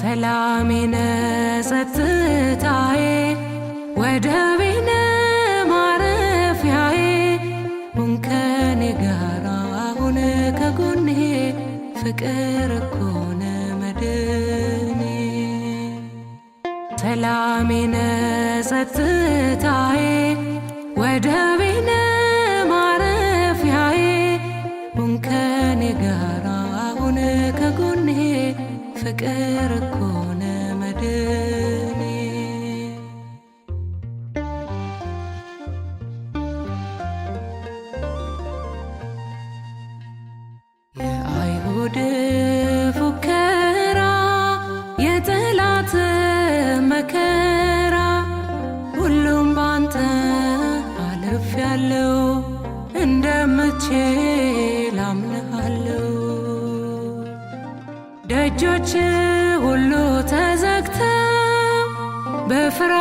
ሰላሜነ ጸጥታዬ ወደቤነ ማረፊያዬ ሆንክ ከኔ ጋራ አሁን ከጎኔ ፍቅር እኮ ነህ መድኔ ሰላሜነ ጸጥታዬ ፍቅር እኮ መድኔ የአይሁድ ፉከራ የጠላት መከራ ሁሉም ባንተ አለፍ ያለው እንደምቼ ደጆች ሁሉ ተዘግተው በፍራ